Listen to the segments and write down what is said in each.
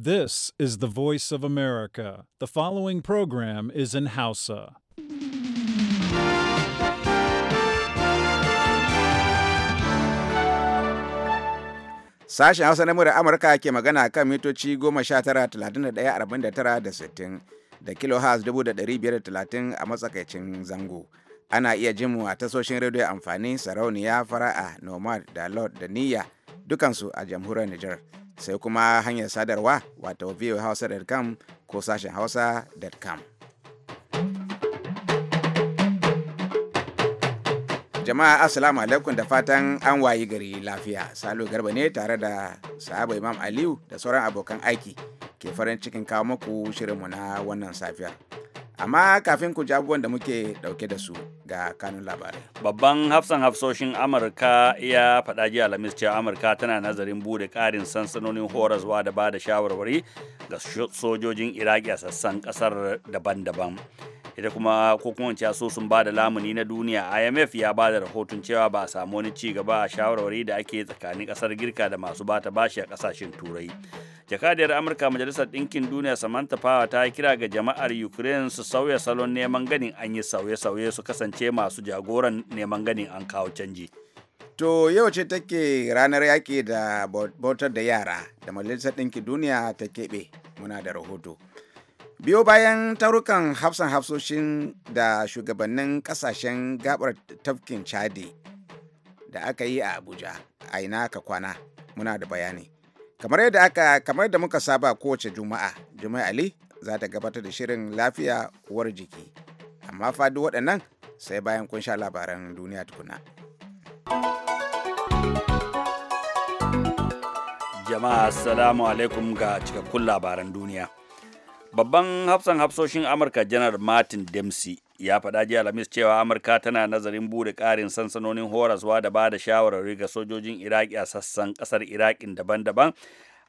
This is the voice of America. The following program is in Hausa. Sashen Hausa na murar Amurka ke magana kan mitoci 19,31,49 da 60 da kilohertz 530 a matsakaicin zango. ana iya jin mu a tasoshin rediyo amfani sarauniya fara'a nomad da lord da niyya dukansu a jamhuriyar niger sai kuma hanyar sadarwa wato voahausa.com ko sashen hausa.com jama'a assalamu alaikum da fatan an wayi gari lafiya salo garba ne tare da sahaba imam aliyu da sauran abokan aiki ke farin cikin kawo muku shirinmu na wannan safiyar amma kafin ku ji abubuwan da muke dauke da su ga kanun labarai babban hafsan hafsoshin amurka ya faɗa jiya alhamis cewa amurka tana nazarin bude ƙarin sansanonin horaswa da ba da shawarwari ga sojojin iraki a sassan ƙasar daban-daban ita kuma ko kuma asusun ba da lamuni na duniya imf ya ba da rahoton cewa ba a samu wani ci gaba a shawarwari da ake tsakanin kasar girka da masu bata bashi a kasashen turai jakadiyar amurka majalisar ɗinkin duniya samantha power ta kira ga jama'ar ukraine su sauya salon neman ganin an yi sauye-sauye su kasance masu jagoran neman ganin an kawo canji to yau ce take ranar yaki da bautar da yara da majalisar ɗinkin duniya ta keɓe muna da rahoto biyo bayan tarukan hafsan hafsoshin da shugabannin kasashen gabar tafkin chadi da aka yi a abuja a ina ka kwana muna da bayani kamar yadda aka kamar da muka saba kowace juma'a juma'a ali za ta gabatar da shirin lafiya uwar jiki amma fa waɗannan sai bayan kun sha labaran duniya tukuna jama'a salamu alaikum ga cikakkun labaran duniya babban hafsan hafsoshin amurka janar martin dempsey ya faɗa jiya alhamis cewa amurka tana nazarin bude ƙarin sansanonin horaswa da ba da shawarwari ga sojojin iraki a sassan ƙasar irakin daban-daban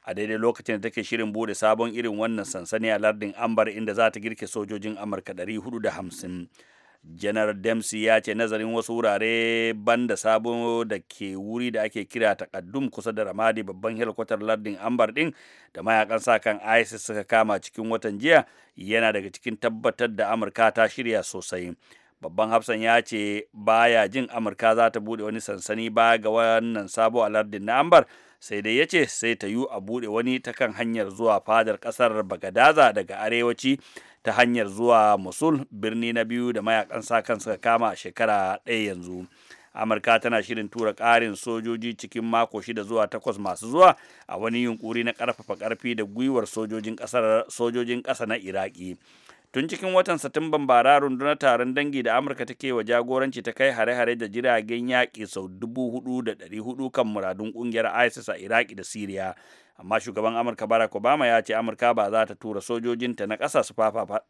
a daidai lokacin da take shirin bude sabon irin wannan sansani a lardin ambar inda za ta girke sojojin amurka 450 janar dempsey ya ce nazarin wasu wurare banda sabo da ke wuri da ake kira takaddum kusa da ramadi babban helikwatar lardin ambar din da mayakan sa kan isis suka kama cikin watan jiya yana daga cikin tabbatar da amurka ta shirya sosai babban hafsan ya ce baya jin amurka za ta bude wani sansani baya ga wannan sabo a lardin na ambar sai dai ya ce sai ta yiwu a buɗe wani ta kan hanyar zuwa fadar ƙasar bagadaza daga arewaci ta hanyar zuwa mosul birni na biyu da mayakan sa kan suka kama a shekara ɗaya yanzu amurka tana shirin tura ƙarin sojoji cikin mako shida zuwa takwas masu zuwa a wani yunkuri na ƙarfafa ƙarfi da gwiwar sojojin ƙasa na iraki tun cikin watan satumban bara rundunar taron dangi da amurka take wa jagoranci ta kai hare-hare da jiragen yaƙi sau dubu hudu da ɗari hudu kan muradun ƙungiyar isis a iraki da siriya amma shugaban amurka barack obama ya ce amurka ba za ta tura sojojinta na ƙasa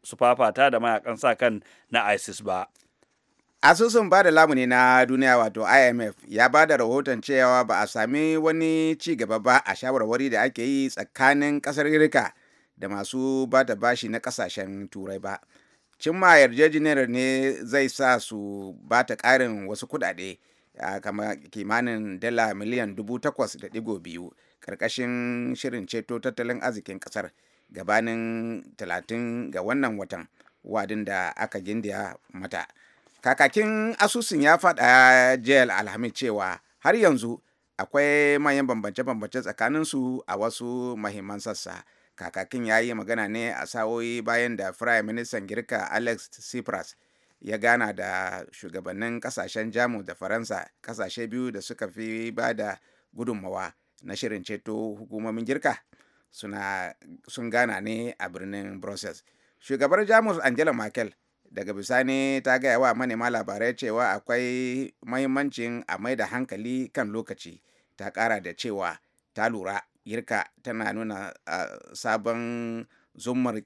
su fafata da mayakan sa kan na isis ba asusun ba da lamuni na duniya wato imf ya ba da rahoton cewa ba a sami wani ci gaba ba a shawarwari da ake yi tsakanin ƙasar irka da masu ba da bashi na kasashen turai ba cimma yarjejeniyar ne zai sa su ba ta ƙarin wasu kuɗaɗe kama kimanin dala miliyan dubu takwas da ɗigo biyu ƙarƙashin shirin ceto tattalin arzikin ƙasar gabanin talatin ga wannan watan wadin da aka gindiya mata kakakin asusun ya faɗa jel alhamis cewa har yanzu akwai manyan bambance-bambance tsakaninsu a wasu mahimman sassa kakakin ya yi magana ne a sa'o'i bayan da firayim ministan girka alex tsipras ya gana da shugabannin kasashen jamus da faransa kasashe biyu da suka fi ba da gudunmawa na shirin ceto hukumomin girka sun gana ne a birnin brussels shugabar jamus angela merkel daga bisani ta gaya wa manema labarai cewa akwai mahimmancin a mai da hankali kan lokaci ta kara da cewa ta lura yirka tana nuna ah, sabon zumar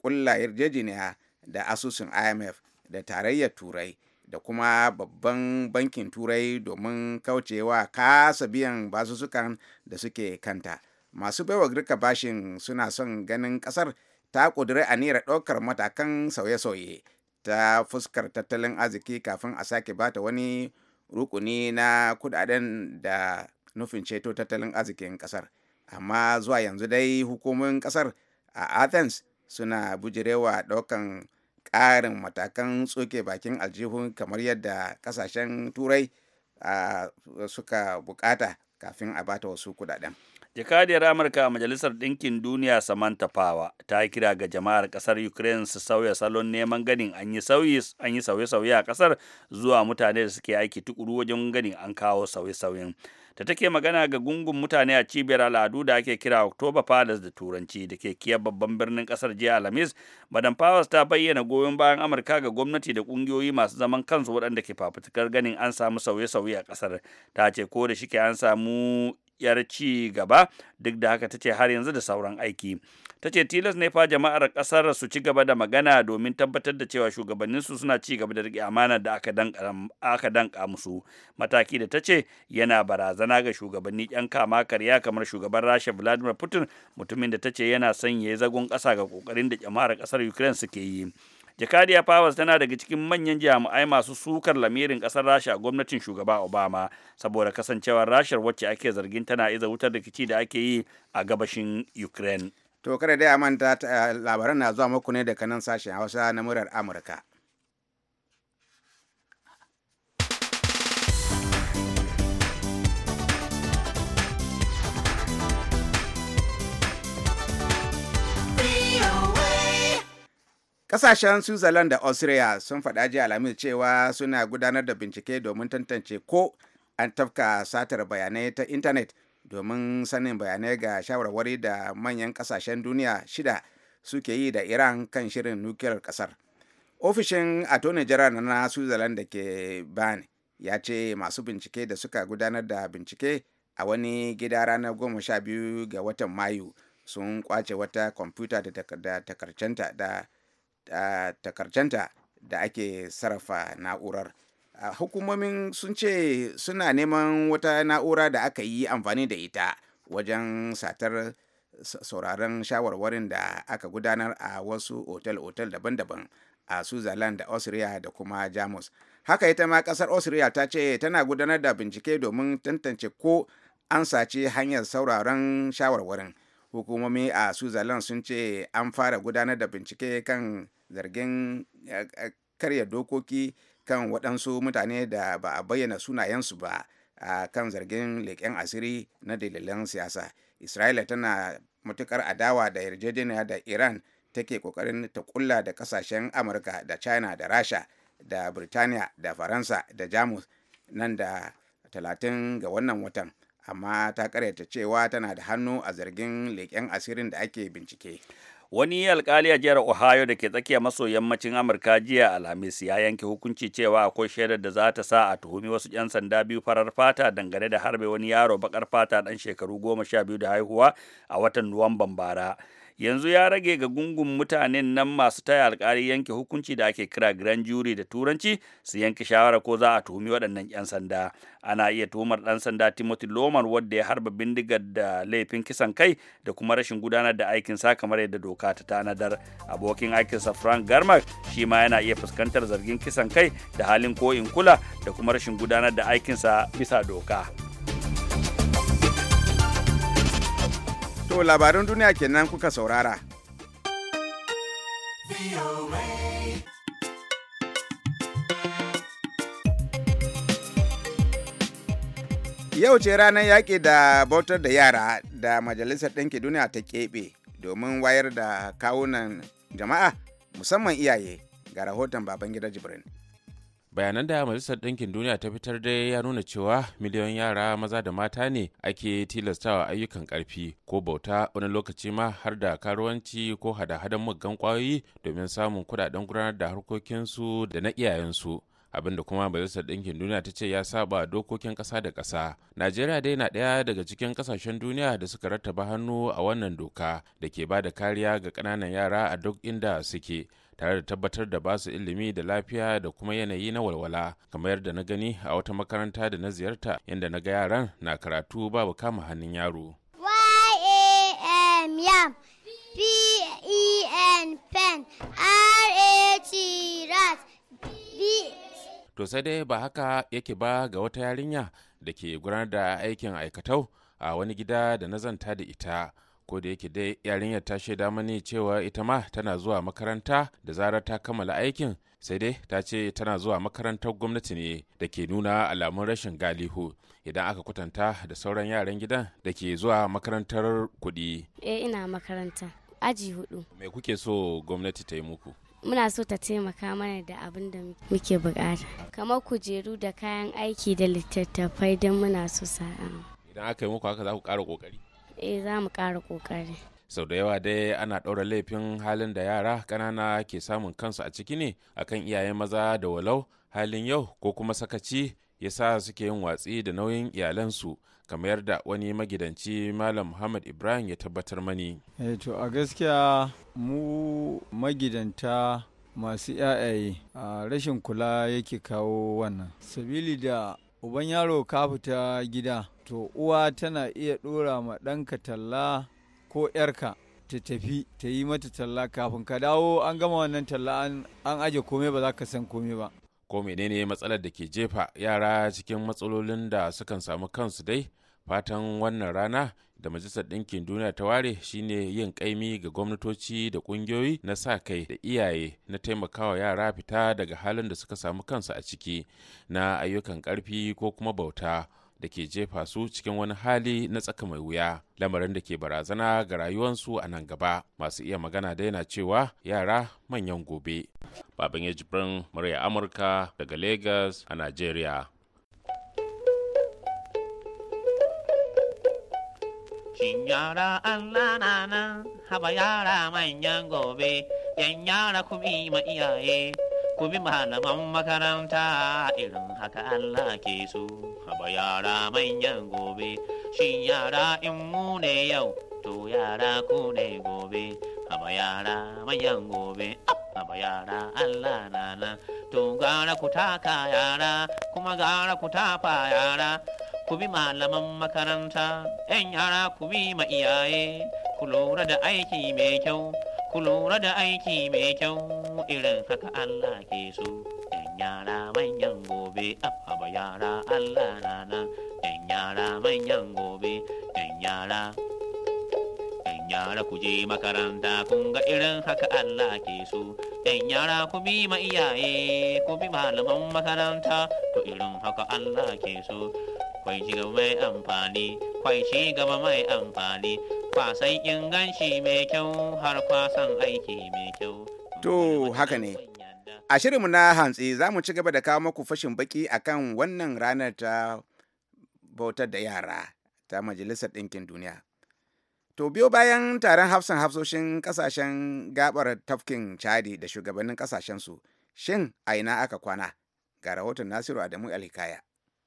kulla eh, yarjejeniya da asusun imf da tarayyar turai da kuma babban bankin turai domin kaucewa kasa biyan basussukan da suke kanta masu baiwa girka bashin suna son ganin kasar ta ƙudiri aniyar ɗaukar matakan sauye-sauye ta fuskar tattalin arziki kafin a sake bata wani rukuni na kudaden da nufin ceto tattalin arzikin kasar amma zuwa yanzu dai hukumomin kasar a athens suna bujirewa ɗaukan ƙarin matakan tsoke bakin aljihun kamar yadda kasashen turai suka bukata kafin a bata wasu kudaden jakadiyar amurka a majalisar ɗinkin duniya samantha fawa ta kira ga jama'ar ƙasar ukraine su sauya salon neman ganin an yi sauye-sauye a ƙasar zuwa mutane da suke aiki tukuru wajen ganin an kawo sauye-sauyen da take magana ga gungun mutane a cibiyar al'adu da ake kira October Palace da Turanci da ke kiyar babban birnin kasar jiya Alhamis, Madam Powers ta bayyana goyon bayan Amurka ga gwamnati da kungiyoyi masu zaman kansu waɗanda ke fafutukar ganin an samu sauye-sauye a kasar. Ta ce ko da shike an samu yar ci gaba duk da haka ta ce har yanzu da sauran aiki ta ce tilas ne fa jama'ar kasar su ci gaba da magana domin tabbatar da cewa shugabanninsu suna ci gaba da rike amana da aka danka musu mataki da ta ce yana barazana ga shugabanni yan kama karya kamar shugaban rasha vladimir putin mutumin da ta ce yana son ya zagon ƙasa ga ƙoƙarin da jama'ar ƙasar ukraine suke yi jakadiya powers tana daga cikin manyan jami'ai masu sukar lamirin ƙasar rasha gwamnatin shugaba obama saboda kasancewar rashar wacce ake zargin tana iza wutar rikici da ake yi a gabashin ukraine to kada dai a manta eh, labaran na zuwa muku ne daga nan sashen hausa na murar amurka Kasashen Switzerland da Austria sun faɗa jiya Alhamis cewa suna gudanar da bincike domin tantance ko an tafka satar bayanai ta intanet domin sanin bayanai ga shawarwari da manyan kasashen duniya shida suke yi da Iran kan shirin nukiyar kasar. Ofishin Attorney General na Switzerland da ke bani ya ce masu bincike da suka gudanar da bincike a wani gida ranar goma sha biyu ga watan Mayu sun kwace wata kwamfuta da takarcenta da takardanta da ake sarrafa na'urar hukumomin sun ce suna neman wata na'ura da aka yi amfani da ita wajen satar sauraren shawarwarin da aka gudanar a wasu otal-otal daban-daban a switzerland da austria da kuma jamus haka ita ma kasar austria ta ce tana gudanar da bincike domin tantance ko an sace hanyar sauraron shawarwarin hukumomi a switzerland sun ce an fara gudanar da bincike kan zargin karya dokoki kan waɗansu mutane da ba a bayyana sunayensu ba a kan zargin leƙen asiri na dalilan siyasa isra'ila tana matukar adawa da yarjejeniya da iran take ƙoƙarin ta kulla da ƙasashen amurka da china da rasha da birtaniya da faransa da jamus nan da talatin ga wannan watan amma ta karyata cewa tana da hannu a zargin leƙen asirin da ake bincike wani alkali a jihar ohio da ke tsakiya maso yammacin amurka jiya alhamis ya yanke hukunci cewa akwai shaidar da za ta sa a tuhumi wasu 'yan sanda biyu farar fata dangane da harbe wani yaro bakar fata dan shekaru goma sha biyu da haihuwa a watan nuwamban bara yanzu ya rage ga gungun mutanen nan masu taya alkali yanke hukunci da ake kira grand jury da turanci su yanke shawara ko za a tuhumi waɗannan 'yan sanda ana iya tuhumar ɗan sanda timothy loman wadda ya harba bindigar da laifin kisan kai da kuma rashin gudanar da aikin sa kamar yadda doka ta tanadar abokin aikinsa frank garmak shi ma yana iya fuskantar zargin kisan kai da halin ko in kula da kuma rashin gudanar da aikinsa bisa doka. To labarin duniya kenan kuka saurara. Yau ce ranar yaƙi da bautar da yara da Majalisar Ɗinki Duniya ta keɓe domin wayar da kawunan jama'a musamman iyaye ga rahoton Babangida Jibrin. bayanan da majalisar ɗinkin duniya ta fitar dai ya nuna cewa miliyoyin yara maza da mata ne ake tilastawa ayyukan ƙarfi ko bauta wani lokaci ma har da karuwanci ko hada-hadan muggan ƙwayoyi domin samun kuɗaɗen gudanar da harkokinsu da na iyayensu abinda kuma majalisar ɗinkin duniya ta ce ya saba dokokin ƙasa da ƙasa najeriya dai na ɗaya daga cikin ƙasashen duniya da suka rattaba hannu a wannan doka da ke ba da kariya ga ƙananan yara a duk inda suke tare da tabbatar da basu ilimi da lafiya da kuma yanayi na walwala kamar yadda na gani a wata makaranta da na ziyarta inda na ga yaran na karatu babu kama hannun yaro e to sai dai ba haka yake ba ga wata yarinya da ke gudanar da aikin aikatau a wani gida da nazanta da ita ko da yake dai yarinyar ta shaida mani cewa ita ma tana zuwa makaranta da zarar ta kammala aikin sai dai ta ce tana zuwa makarantar gwamnati ne da ke nuna alamun rashin galihu idan aka kwatanta da sauran yaran gidan da ke zuwa makarantar kuɗi. E, ina makaranta aji hudu me kuke so gwamnati ta yi muku muna so ta taimaka mana da abin da muke bukata kamar kujeru da kayan aiki da littattafai don muna so sa'a idan aka yi muku haka za ku ƙara ƙoƙari eh za mu ƙara ƙoƙari sau da yawa dai ana ɗaura laifin halin da yara ƙanana ke samun kansu a ciki ne akan iyayen maza da walau halin yau ko kuma sakaci ya sa suke yin watsi da nauyin iyalansu kamar da wani magidanci malam muhammad ibrahim ya tabbatar mani eh, to a gaskiya mu magidanta masu yayaye a rashin kula yake kawo wannan sabili da uban yaro ka fita gida to uwa tana iya ɗora ma ɗanka talla ko ‘yarka ta tafi ta yi mata talla kafin ka dawo an gama wannan talla an aje komai ba za ka san komai ba. Ko menene matsalar da ke jefa yara cikin matsalolin da sukan samu kansu dai fatan wannan rana da majalisar ɗinkin duniya ta ware shine yin ƙaimi ga gwamnatoci da ƙungiyoyi na sa kai da iyaye na taimakawa yara fita daga halin da suka samu kansu a ciki na ayyukan ƙarfi ko kuma bauta da ke jefa su cikin wani hali na tsaka mai wuya lamarin da ke barazana ga rayuwarsu a nan gaba masu iya magana da yana cewa yara manyan gobe baban ya jibrin murya amurka daga lagos a nigeria Shin yara Allah na nan, haba yara manyan gobe, yan yara kuma ma iyaye, ku bi malaman makaranta irin haka Allah ke so haba yara manyan gobe shin yara in mu ne yau to yara ku ne gobe haba yara manyan gobe haba yara Allah nana to gara ku taka yara kuma gara ku tafa yara ku bi malaman makaranta 'yan yara ku bi ma iyaye ku lura da aiki mai kyau ku lura da aiki mai kyau irin haka Allah ke so ɗan yara manyan gobe abba yara Allah nan ɗan yara manyan gobe ɗan yara ɗan yara ku je makaranta kun ga irin haka Allah ke so ɗan yara ku bi ma iyaye ku bi malaman makaranta to irin haka Allah ke so kwai ci gaba mai amfani kwai ci mai amfani kwasan inganci mai kyau har kwasan aiki mai kyau to haka ne a shirinmu na hantsi za mu ci gaba da kawo maku fashin baki akan wannan ranar ta bautar da yara ta majalisar ɗinkin duniya To biyo bayan taron hafsan hafsoshin kasashen gabar tafkin Chadi da shugabannin ƙasashensu shin a ina aka kwana? Ga rahoton Nasiru Adamu Alhikaya.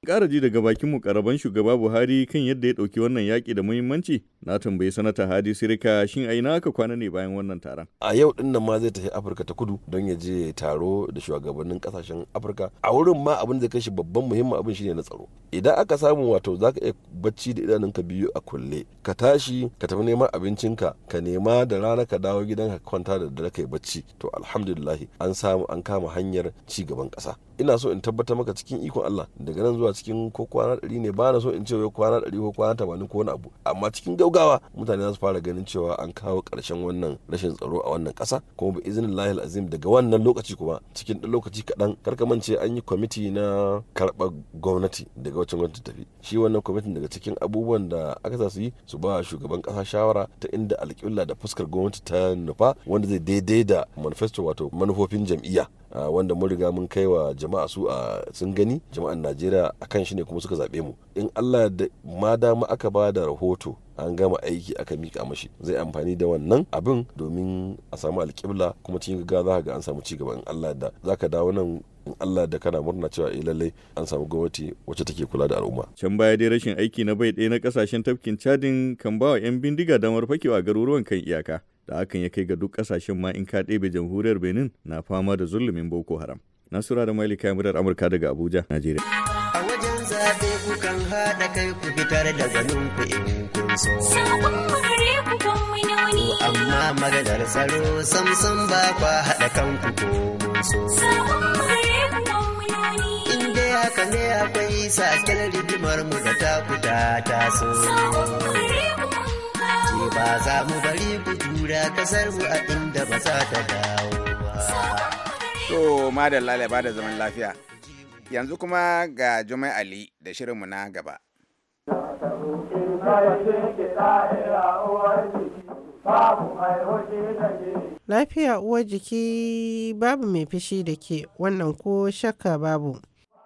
Ƙara ji daga bakin mu karaban shugaba Buhari kan yadda ya dauki wannan yaƙi da muhimmanci na tambayi sanata Hadi Sirika shin a na aka kwana ne bayan wannan taron. A yau din nan ma zai tafi Afirka ta Kudu don ya je taro da shugabannin kasashen Afirka. A wurin ma abin da kashi babban muhimmin abin shine na tsaro. Idan aka samu wato zaka iya bacci da idanunka biyu a kulle. Ka tashi ka tafi neman abincin ka ka nema da rana ka dawo gidan ka kwanta da dare kai bacci. To alhamdulillah an samu an kama hanyar ci gaban ƙasa. ina so in tabbatar maka cikin ikon Allah daga nan zuwa cikin ko kwana ɗari ne ba na so in ce wai kwana ɗari ko kwana tamanin ko wani abu amma cikin gaugawa mutane za su fara ganin cewa an kawo karshen wannan rashin tsaro a wannan ƙasa kuma bi izinin lahil azim daga wannan lokaci kuma cikin ɗan lokaci kaɗan karka mance an yi kwamiti na karɓar gwamnati daga wacce gwamnati tafi shi wannan kwamitin daga cikin abubuwan da aka sa su yi su ba shugaban ƙasa shawara ta inda alƙibla da fuskar gwamnati ta nufa wanda zai daidai da manifesto wato manufofin jam'iyya wanda mun riga mun kai jama'a su a sun gani jama'an najeriya a kan shi ne kuma suka zaɓe mu in allah da ma dama aka ba da rahoto an gama aiki aka mika mashi zai amfani da wannan abin domin a samu alƙibla kuma cikin gaga za ga an samu cigaba in allah da za ka dawo nan in Allah da kana murna cewa eh lallai an samu gwamnati wacce take kula da al'umma. Can baya dai rashin aiki na bai ɗaya na ƙasashen tafkin cadin kan bawa 'yan bindiga damar fakewa garuruwan kan iyaka. da hakan ya kai ga duk kasashen ma in ka ɗebe jamhuriyar benin na fama da zulumin boko haram nasura da malika murar amurka daga abuja najeriya a wajen zaɓe ku kan haɗa kai ku fitar da ganin ku in kun so amma maganar tsaro samsam ba kwa haɗa kanku ko mun so in dai haka ne akwai sakel rigimar mu da taku ta taso ba za mu bari ku tura kasar mu a inda ba za ta dawo ba. To madalla da da zaman lafiya. Yanzu kuma ga Jumai Ali da shirinmu na gaba. Lafiya uwar jiki babu mai fishi da ke wannan ko shakka babu.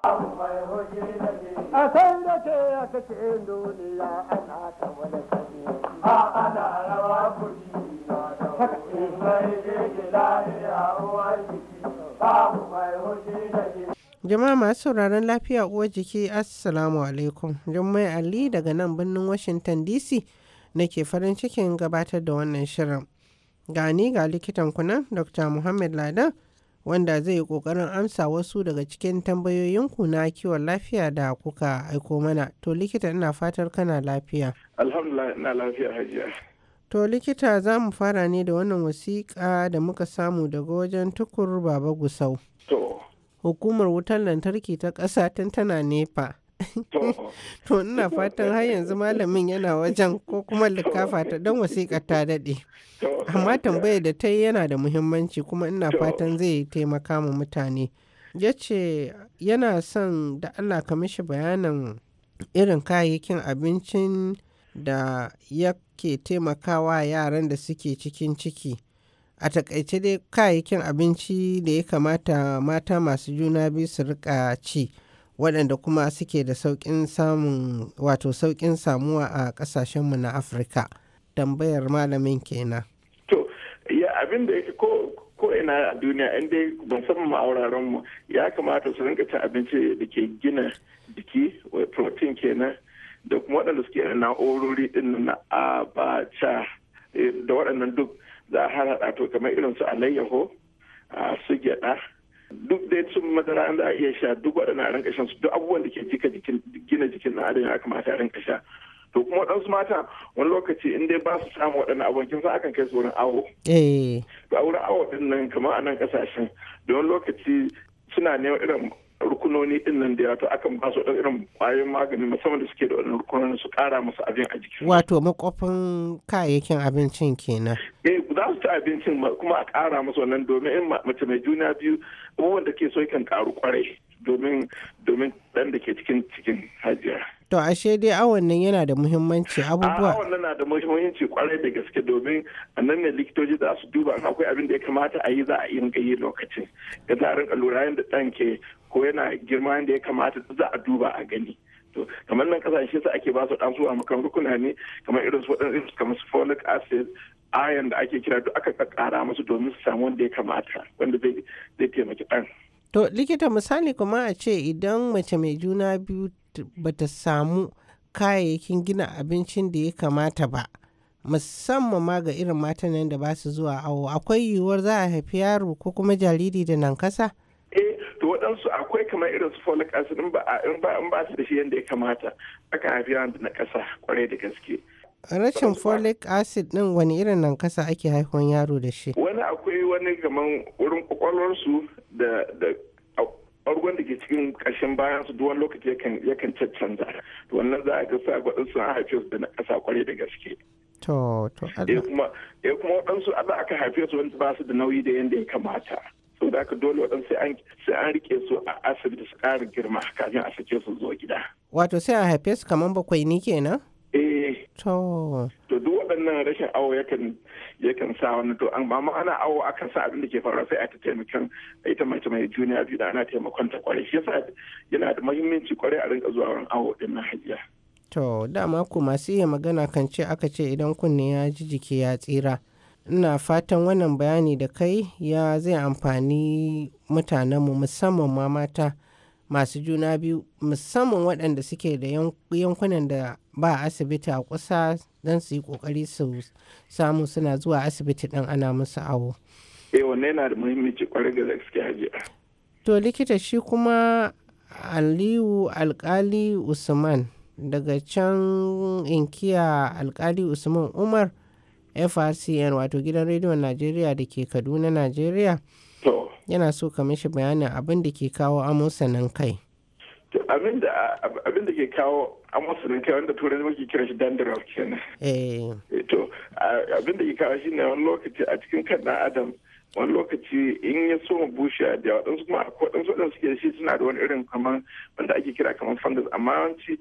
a sai da ke duniya ana ta wani Jama'a masu sauraron lafiya uwar jiki Assalamu alaikum. Jummai Ali daga nan birnin Washington DC nake farin cikin gabatar da wannan shirin. Gani ga likitan kunan Dr. Muhammad Ladan wanda zai yi ƙoƙarin amsa wasu daga cikin tambayoyinku na kiwon lafiya da kuka aiko mana. To likita ina fatar kana lafiya. Alhamdulillah ina lafiya hajiya. To likita za mu fara ne da wannan wasiƙa da muka samu daga wajen tukur Baba Gusau. To. Hukumar wutar lantarki ta ƙasa tun tana nepa. To ina fatan har yanzu malamin yana wajen ko kuma likafa ta don wasiƙar ta daɗe. Amma tambaya da ta yi yana da muhimmanci kuma ina fatan zai taimaka wa mutane. Ya ce yana son da Allah ka mishi bayanin irin kayayyakin abincin da yake taimakawa yaran da suke cikin ciki. a takaice dai kayayyakin abinci da ya kamata mata masu juna biyu su rika ci waɗanda kuma suke da sauƙin samun wato sauƙin samuwa a ƙasashenmu na afirka tambayar malamin kenan to ya abin da yake ko ko ina a duniya in dai musamman ma'auraren mu ya kamata su rinka cin abinci da ke gina jiki protein kenan da kuma waɗanda suke da na'urori din na abacha eh, da waɗannan duk za a harhaɗa to kamar irin su alayyaho ah, su gyaɗa duk da sun madara da a iya sha duk waɗannan a rinka shan su duk abubuwan da ke jika jikin gina jikin na adam ya kamata a rinka sha to kuma waɗansu mata wani lokaci in dai ba su samu waɗannan abubuwan kin san akan kai su wurin awo eh. to a wurin awo ɗin nan kamar a nan ƙasashen da wani lokaci suna neman irin rukunoni din nan da ya to akan ba su dan irin ƙwayoyin magani musamman da suke da wannan rukunoni su kara musu abin a jiki. Wato makofin kayayyakin abincin kenan. Eh za su ci abincin kuma a kara musu wannan domin in mace mai juna biyu abubuwan da ke so yakan ƙaru ƙwarai. domin domin dan da ke cikin cikin hajiya to ashe dai awon yana da muhimmanci abubuwa awon nan na da muhimmanci kwarai da gaske domin nan ne likitoji za su duba akwai abin da ya kamata a yi za a yi gayi yi lokacin da za a rinka lura yadda dan ke ko yana girma yadda ya kamata za a duba a gani to kamar nan kasashe su ake ba su dan zuwa makan rukuna ne kamar irin su waɗansu kamar su folic acid ayan da ake kira duk aka kakkara musu domin su samu wanda ya kamata wanda zai taimaki ɗan. To likita misali kuma a ce idan mace mai juna biyu bata samu kayayyakin gina abincin da ya kamata ba musamman ma ga irin matan nan da ba su zuwa awo akwai yiwuwar za a haifi yaro ko kuma jariri da nan kasa? Eh to waɗansu akwai kamar irin su folic acid in ba in ba su da shi yadda ya kamata aka haifi yaron da na kasa kwarai da gaske. rashin folic acid din wani irin nan kasa ake haihuwan yaro da shi wani akwai wani gaman wurin kwakwalwarsu da argon da ke cikin ƙashin bayan su duwan lokaci yakan cancanza to wannan za a ga sa waɗansu a haife su da na ƙasa kwarai da gaske to to eh kuma eh kuma waɗansu a aka haife su wanda ba su da nauyi da yadda ya kamata so da aka dole waɗansu sai an rike su a asibiti su ƙara girma kafin a sake su zuwa gida wato sai a haife su kamar bakwai ni kenan To duk waɗannan rashin awo yakan yakan sa wani to ba ana awo akan sa abin da ke faruwa sai a ta taimakon ita mace mai juniya biyu da ana taimakon ta kwarai shi yasa yana da muhimmanci kwarai a rinka zuwa wurin awo din na hajiya. To dama ku masu iya magana kan ce aka ce idan kunne ya ji jiki ya tsira. Ina fatan wannan bayani da kai ya zai amfani mutanenmu musamman ma mata masu juna biyu musamman waɗanda suke da yankunan da ba asibiti a kusa don su yi kokari su samu suna zuwa asibiti ɗin ana musu awo. eh wanne yana da muhimmanci kwarai da gaske hajiya. to likita shi kuma aliyu alkali usman daga can inkiya alkali usman umar frcn wato gidan rediyon najeriya da ke kaduna najeriya. yana so ka mishi bayanin abin da ke kawo amosanin kai abin da ke kawo amosanin kai wanda turai muke kira shi dandruff kenan eh. Eh, to abin da ke kawo shi ne wani lokaci a cikin kan adam wani lokaci in ya so mu bushe da waɗansu kuma akwai waɗansu waɗansu suke da shi suna da wani irin kamar wanda ake kira kamar fungus amma yawanci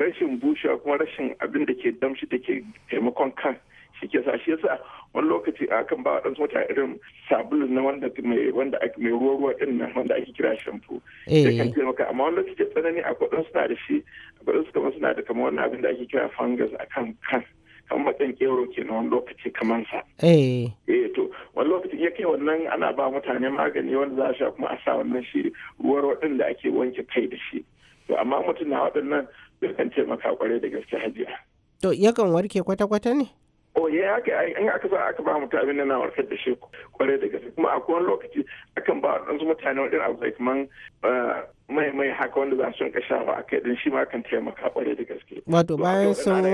rashin bushewa kuma rashin abin da ke damshi da ke taimakon kan shi ke sa shi yasa wani lokaci kan ba wa ɗansu wata irin sabulu na wanda mai wanda ake mai ruwa ruwa din nan wanda ake kira shampoo da eh. kan taimaka amma wani lokaci tsanani a ɗan suna da shi akwai su kamar suna da kamar wani abin da ake kira fungus a kan kan kan matsan kero ke na wani lokaci kamar sa. Eh, eh to wani lokaci ya kai wannan ana ba mutane magani wanda za a sha kuma a sa wannan shi ruwa ruwa din da ake wanke kai da shi. To amma mutum na waɗannan dukkan taimaka kwarai da gaske hajiya. To yakan warke kwata-kwata ne? o ya eh, haka eh, in aka sa aka ba mutum abin da na warkar da shi kwarai da gaske kuma a wani lokaci akan ba waɗansu mutane wadin abu zai kaman eh, mai mai haka wanda za su rinka sha ba akai din shi ma kan taimaka kwarai da gaske wato bayan sun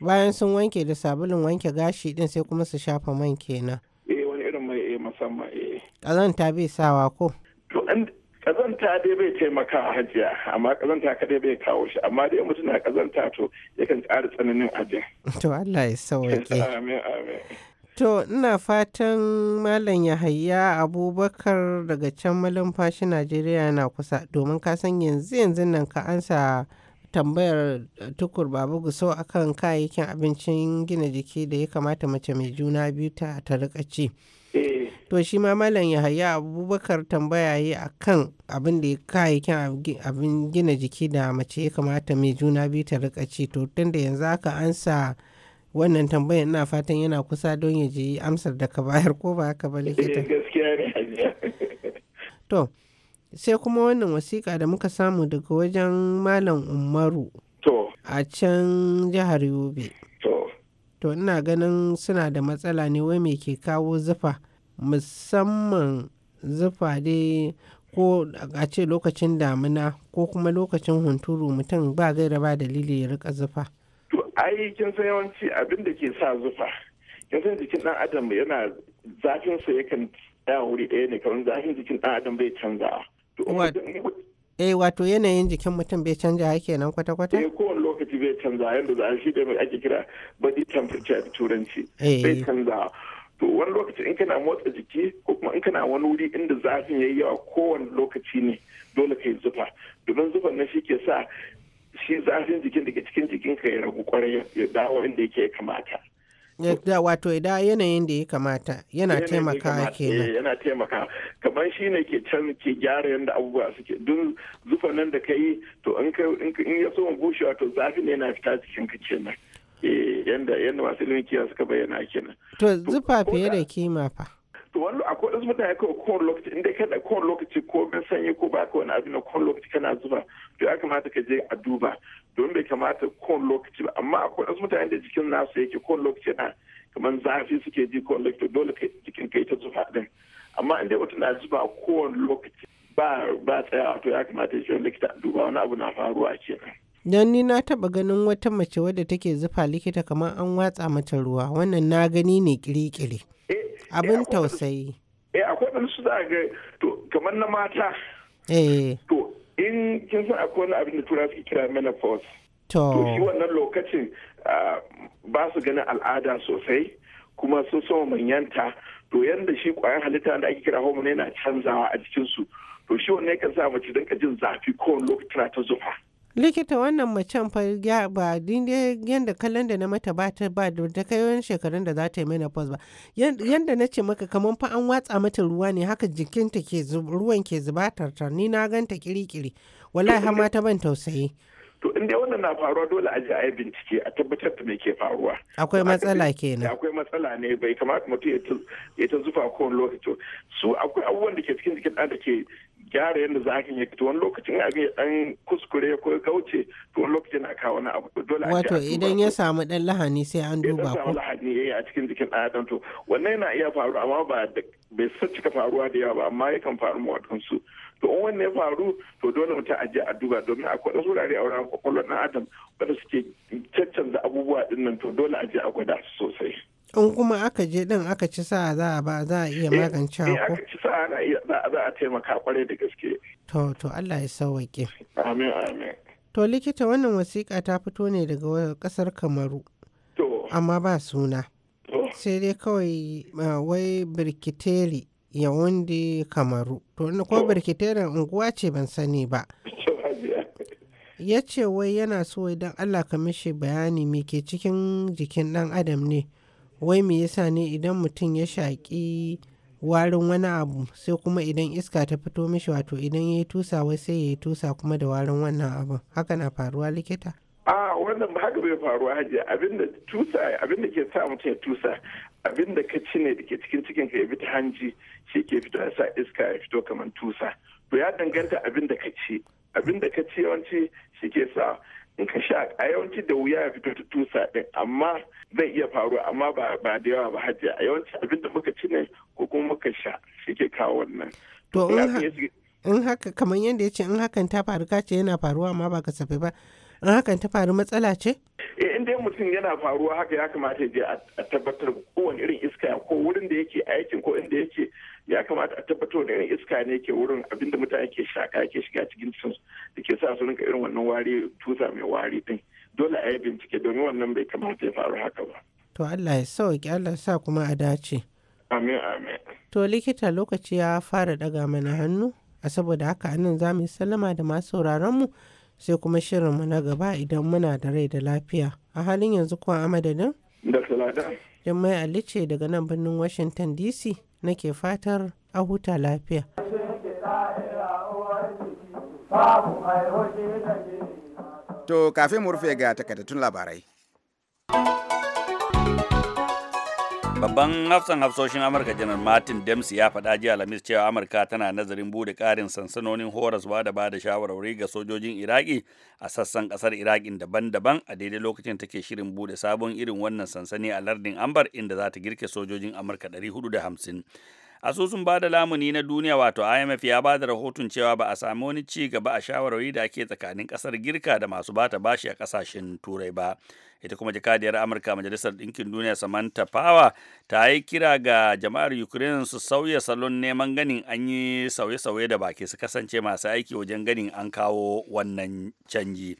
bayan sun wanke da sabulun wanke gashi din sai kuma su shafa man kenan eh wani irin mai musamman eh ta bi sawa ko to kazanta dai bai taimaka a hajiya amma kazanta kadai bai kawo shi amma dai mutum na kazanta to yakan ƙara tsananin hajjin. to Allah ya sauke. amin amin. To, ina fatan Malam Yahaya Abubakar daga can malumfashi Najeriya na kusa domin ka san yanzu yanzu nan ka ansa tambayar eh, tukur babu guso akan kayayyakin abincin gina jiki da ya kamata mace mai juna biyu ta rika ci. to shi ma malam yahaya abubakar tambaya yi a kan abin da ya kayayyakin abin gina jiki da mace ya kamata mai juna biyu ta rika ci to tun da yanzu haka ansa wannan tambayan ina fatan yana kusa don ya ji amsar da ka bayar ko ba ka ba likita eh, to sai kuma wannan wasiƙa da muka samu daga wajen malam umaru a can jihar yobe to ina ganin suna da matsala ne wai me ke kawo zufa musamman zufa dai ko a ce lokacin damina ko kuma lokacin hunturu mutum ba zai ba dalili ya rika zufa. To ai kin san yawanci abin da ke sa zufa kin san jikin dan adam yana zafin sa yakan tsaya wuri ɗaya ne kamar zafin jikin dan adam bai canza. Eh wato yanayin jikin mutum bai canja kenan kwata-kwata? Eh kowane lokaci bai canza yadda za a shi da mai ake kira body temperature da turanci eh. bai canza. to wani lokaci in kana motsa jiki ko kuma in kana wani wuri inda zafin yayi yawa kowane lokaci ne dole ka yi zufa domin zufan nan shi ke sa shi zafin jikin daga cikin jikinka ya ragu kwarai ya dawo inda yake ya kamata da wato da yanayin da ya kamata yana taimakawa kenan eh, yana taimaka kamar shi ne ke can ke gyara yadda abubuwa suke duk zufa nan da ka yi to in ya so bushewa to zafi ne yana fita cikin ka kenan yanda yadda masu ilimin kiyar suka bayyana kenan. To zufa fiye da kima fa. To wani akwai wasu mutane kawai kowane lokaci inda ka da kowane lokaci ko min sanyi ko ba ka wani na kowane lokaci kana zufa to ya kamata ka je a duba don bai kamata kowane lokaci ba amma akwai wasu mutane da jikin nasu yake kowane lokaci na kamar zafi suke ji kowane lokaci dole jikin kai ta zufa din amma inda wata na zufa kowane lokaci ba ba tsayawa to ya kamata ya shi likita duba wani abu na faruwa kenan. don ni na taba ganin wata mace wadda take zufa likita kamar an watsa mata ruwa wannan na gani ne kirikiri eh, eh, abin tausayi eh akwai ɗan su za ga to kamar na mata eh to in kin san akwai wani abin da tura suke kira menopause to shi wannan lokacin ah, ba su ganin al'ada sosai kuma sun sama manyanta to yadda shi kwayan halitta da ake kira hormone yana canzawa a jikinsu to shi wannan yakan sa mace dinka jin zafi kowane lokacin ta zufa likita wannan macen fa ba dinde yadda kallon da na mata ba ta ba da kai wani shekarun da za ta yi menopause ba yadda na ce maka kamar fa an watsa mata ruwa ne haka jikinta ke ruwan ke zubatar ta ni na ganta kiri wallahi har ma ta ban tausayi to in dai wannan na faruwa dole a je a yi bincike a tabbatar da me ke faruwa akwai matsala kenan akwai matsala ne bai kamata mutum ya ta zufa wani lokaci su akwai abubuwan da ke cikin jikin ɗan da ke gyara yadda za ka yi wani lokacin a dan kuskure ko kauce to wani lokacin na kawo wani abu dole wato idan ya samu dan lahani sai an duba ko samu lahani yi eh, a cikin jikin adam to wannan yana iya faruwa amma ba bai cika faruwa da yawa ba amma yakan faru mu wadansu to in wannan ya faru to dole mutum a a duba domin akwai wasu wurare a wurin kwakwalwar na adam wanda suke caccanza abubuwa ɗin nan to dole a je a gwada su sosai. in kuma aka je din aka ci sa za a ba za a iya eh, magance eh, ko aka ci sa ana iya za a taimaka kware da gaske to to Allah ya sauwake amin amin to likita wannan wasiƙa ta fito ne daga ƙasar Kamaru to amma ba suna sai dai kawai wai birkiteri yawundi kamaru to na kuma birkiteren unguwa ce ban sani ba ya ce wai yana so idan allah ka mishi bayani me ke cikin jikin dan adam ne wai me yasa ne idan mutum ya shaƙi warin wani abu sai kuma idan iska ta fito mishi wato idan ya yi tusa wai sai ya yi tusa kuma da warin wannan abu? haka na faruwa likita a wannan ba haka bai faruwa hajiya abinda tusa abinda ke sa mutum ya tusa abin da ka ci ne da ke cikin cikin ka ya fita hanji shi ke fito ya sa iska ya fito kamar tusa to ya danganta abin da ka ci abin da ka ci yawanci shi ke sa in ka sha a yawanci da wuya ya fito ta tusa din amma zai iya faruwa amma ba da yawa ba hajji a yawanci abin da muka ci ne ko kuma muka sha shi ke kawo wannan to in haka kamar yadda ya ce in hakan ta faru ka ce yana faruwa amma ba kasafai ba in hakan ta faru matsala ce? Eh, in dai mutum yana faruwa haka ya kamata ya je a tabbatar kowane irin iska ko wurin da yake aikin ko inda yake ya kamata a tabbatar da irin iska ne ke wurin abinda mutane ke shaka ke shiga cikin cikin da ke sa su rinka irin wannan wari tusa mai wari din dole a yi bincike domin wannan bai kamata ya faru haka ba. to Allah ya sauki Allah sa kuma a dace. amin amin. to likita lokaci ya fara daga mana hannu a saboda haka anan za mu yi sallama da masu sauraron mu. sai kuma shirinmu na gaba idan muna da rai da lafiya a halin yanzu kuwa a madadin da mai alice daga nan birnin washington dc nake fatar a huta lafiya to kafin mu rufe ga takaddatun labarai Babban hafsan hafsoshin Amurka janar Martin Dempsey ya faɗa jiya Alhamis cewa Amurka tana nazarin bude ƙarin sansanonin horaswa da bada shawarwari ga sojojin Iraki a sassan ƙasar iraki daban-daban a daidai lokacin take shirin bude sabon irin wannan sansani a lardin Ambar inda za ta girke sojojin Amurka 450. asusun ba da lamuni na duniya wato imf ya ba da rahoton cewa ba a sami wani ci gaba a shawarwari da ake tsakanin kasar girka da masu bata bashi a kasashen turai ba ita kuma jakadiyar amurka majalisar ɗinkin duniya samantha power ta yi kira ga jama'ar ukraine su sauya salon neman ganin an yi sauye-sauye da baki su kasance masu aiki wajen ganin an kawo wannan canji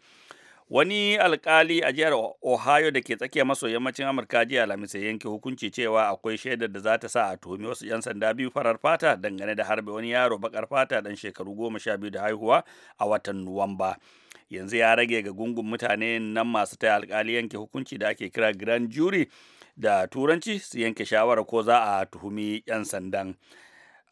wani alkali a jihar ohio da ke tsakiya maso yammacin amurka jiya alhamis ya yanke hukunci cewa akwai shaidar da za ta sa a tuhumi wasu 'yan sanda biyu farar fata dangane da harbe wani yaro bakar fata dan shekaru goma sha biyu da haihuwa a watan nuwamba yanzu ya rage ga gungun mutane nan masu taya alkali yanke hukunci da ake kira grand jury da turanci su yanke shawara ko za a tuhumi 'yan sandan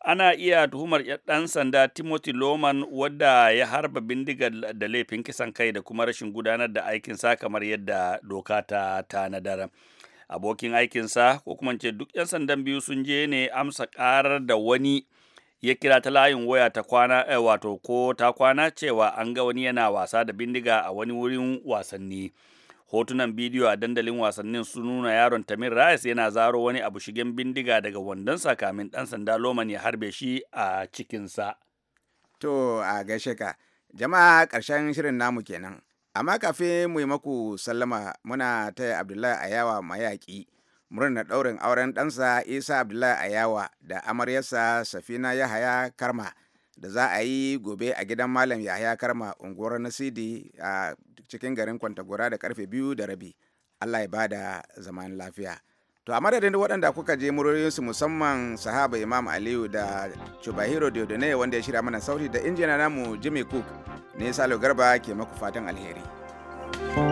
ana iya tuhumar ɗan sanda timothy loman wadda ya harba bindigar da laifin kisan kai da kuma rashin gudanar da aikinsa kamar yadda doka ta tanadar abokin aikinsa ko kuma ce duk 'yan sandan biyu sun je ne amsa karar da wani ya kira ta layin waya ta kwana eh, wato ko ta kwana cewa an ga wani yana wasa da bindiga a wani wurin wasanni hotunan bidiyo a dandalin wasannin sun nuna yaron tamir rice yana zaro wani abu shigen bindiga daga wandon kamin dan sanda loman ya harbe shi a cikinsa to a gaishe ka jama'a ƙarshen shirin namu kenan amma kafin mu yi maku sallama muna taya abdullahi ayawa mayaki murnar ɗaurin auren ɗansa isa abdullahi ayawa da amaryarsa safina yahaya karma da za a yi gobe a gidan malam yahaya karma unguwar nasidi a cikin garin kwantagora da karfe biyu da rabi allah ya bada zaman lafiya to a madadin waɗanda kuka je murorinsu musamman sahaba imam aliyu da chubahiro diodone wanda ya shirya mana sauti da injina namu jimmy cook ne salo garba ke maku fatan alheri thank